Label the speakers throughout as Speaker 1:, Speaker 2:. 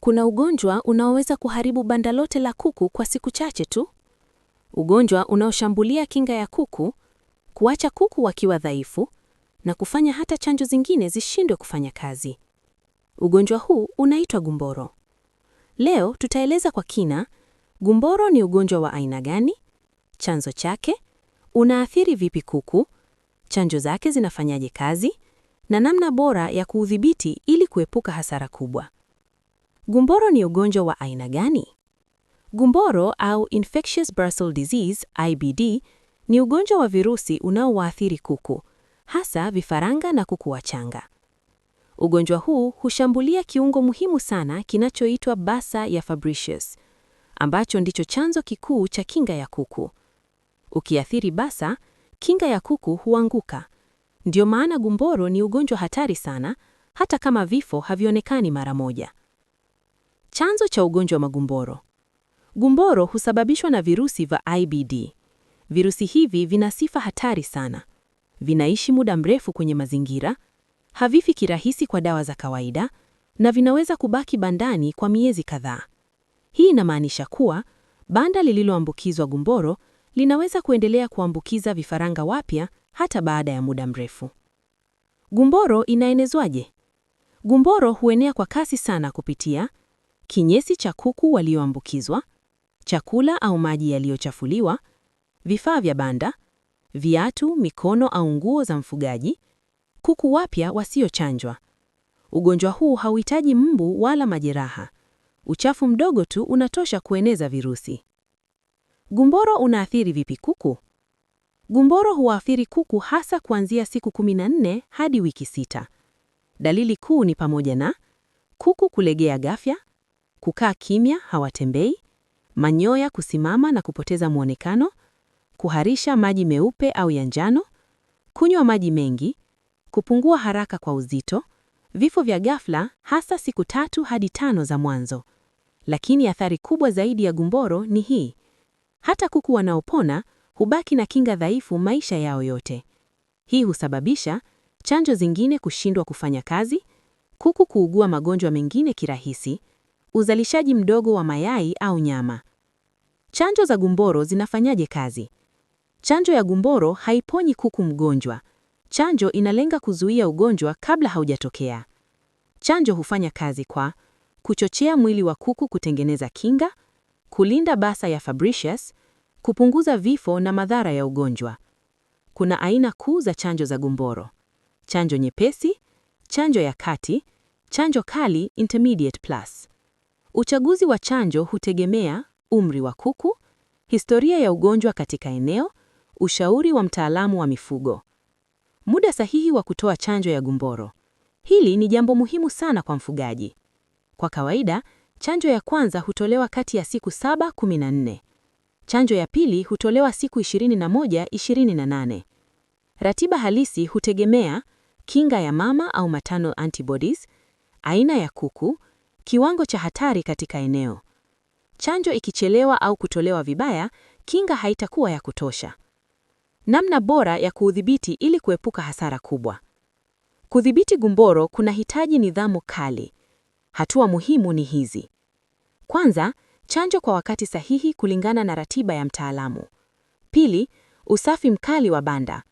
Speaker 1: kuna ugonjwa unaoweza kuharibu banda lote la kuku kwa siku chache tu, ugonjwa unaoshambulia kinga ya kuku, kuacha kuku wakiwa dhaifu na kufanya hata chanjo zingine zishindwe kufanya kazi. Ugonjwa huu unaitwa gumboro. Leo tutaeleza kwa kina gumboro ni ugonjwa wa aina gani, chanzo chake, unaathiri vipi kuku, chanjo zake zinafanyaje kazi na namna bora ya kuudhibiti ili kuepuka hasara kubwa.
Speaker 2: Gumboro ni ugonjwa wa aina gani? Gumboro au Infectious Bursal Disease IBD ni ugonjwa wa virusi unaowaathiri kuku, hasa vifaranga na kuku wachanga. Ugonjwa huu hushambulia kiungo muhimu sana kinachoitwa basa ya Fabricius, ambacho ndicho chanzo kikuu cha kinga ya kuku. Ukiathiri basa, kinga ya kuku huanguka. Ndio maana gumboro ni ugonjwa hatari sana, hata kama vifo havionekani mara moja.
Speaker 1: Chanzo cha ugonjwa wa magumboro. Gumboro husababishwa na virusi vya IBD. Virusi hivi vina sifa hatari sana. Vinaishi muda mrefu kwenye mazingira, havifi kirahisi kwa dawa za kawaida na vinaweza kubaki bandani kwa miezi kadhaa. Hii inamaanisha kuwa banda lililoambukizwa gumboro linaweza kuendelea kuambukiza vifaranga wapya hata baada ya muda mrefu. Gumboro inaenezwaje? Gumboro huenea kwa kasi sana kupitia kinyesi cha kuku walioambukizwa, chakula au maji yaliyochafuliwa, vifaa vya banda, viatu, mikono au nguo za mfugaji, kuku wapya wasiochanjwa. Ugonjwa huu hauhitaji mbu wala majeraha. Uchafu mdogo tu unatosha kueneza virusi. Gumboro unaathiri vipi kuku? Gumboro huwaathiri kuku hasa kuanzia siku 14 hadi wiki sita. Dalili kuu ni pamoja na kuku kulegea ghafla, kukaa kimya, hawatembei, manyoya kusimama na kupoteza mwonekano, kuharisha maji meupe au ya njano, kunywa maji mengi, kupungua haraka kwa uzito, vifo vya ghafla hasa siku tatu hadi tano za mwanzo. Lakini athari kubwa zaidi ya gumboro ni hii. Hata kuku wanaopona hubaki na kinga dhaifu maisha yao yote. Hii husababisha chanjo zingine kushindwa kufanya kazi, kuku kuugua magonjwa mengine kirahisi uzalishaji mdogo wa mayai au nyama. Chanjo za gumboro zinafanyaje kazi? Chanjo ya gumboro haiponyi kuku mgonjwa. Chanjo inalenga kuzuia ugonjwa kabla haujatokea. Chanjo hufanya kazi kwa kuchochea mwili wa kuku kutengeneza kinga, kulinda basa ya Fabricius, kupunguza vifo na madhara ya ugonjwa. Kuna aina kuu za chanjo za gumboro: chanjo nyepesi, chanjo ya kati, chanjo kali intermediate plus. Uchaguzi wa chanjo hutegemea umri wa kuku, historia ya ugonjwa katika eneo, ushauri wa mtaalamu wa mifugo. Muda sahihi wa kutoa chanjo ya gumboro. Hili ni jambo muhimu sana kwa mfugaji. Kwa kawaida, chanjo ya kwanza hutolewa kati ya siku 7-14. Chanjo ya pili hutolewa siku 21-28. Ratiba halisi hutegemea kinga ya mama au maternal antibodies, aina ya kuku, Kiwango cha hatari katika eneo. Chanjo ikichelewa au kutolewa vibaya, kinga haitakuwa ya kutosha. Namna bora ya kuudhibiti ili kuepuka hasara kubwa. Kudhibiti gumboro kunahitaji nidhamu kali. Hatua muhimu ni hizi. Kwanza, chanjo kwa wakati sahihi kulingana na ratiba ya mtaalamu. Pili, usafi mkali wa banda.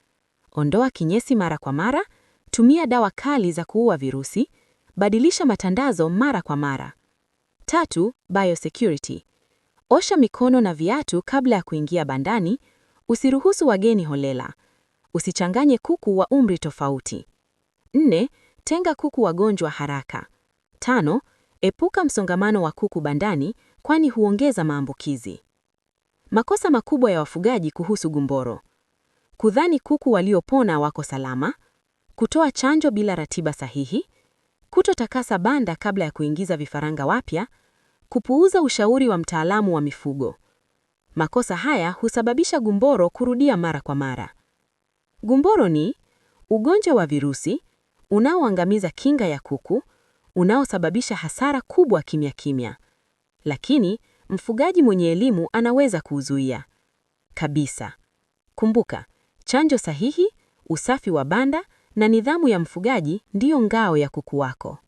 Speaker 1: Ondoa kinyesi mara kwa mara, tumia dawa kali za kuua virusi, badilisha matandazo mara kwa mara. Tatu, biosecurity. Osha mikono na viatu kabla ya kuingia bandani. Usiruhusu wageni holela. Usichanganye kuku wa umri tofauti. Nne, tenga kuku wagonjwa haraka. Tano, epuka msongamano wa kuku bandani kwani huongeza maambukizi. Makosa makubwa ya wafugaji kuhusu gumboro: kudhani kuku waliopona wako salama, kutoa chanjo bila ratiba sahihi, kutotakasa banda kabla ya kuingiza vifaranga wapya, kupuuza ushauri wa mtaalamu wa mifugo. Makosa haya husababisha gumboro kurudia mara kwa mara. Gumboro ni ugonjwa wa virusi unaoangamiza kinga ya kuku, unaosababisha hasara kubwa kimya kimya, lakini mfugaji mwenye elimu anaweza kuuzuia kabisa. Kumbuka, chanjo sahihi, usafi wa banda na nidhamu ya mfugaji ndiyo ngao ya kuku wako.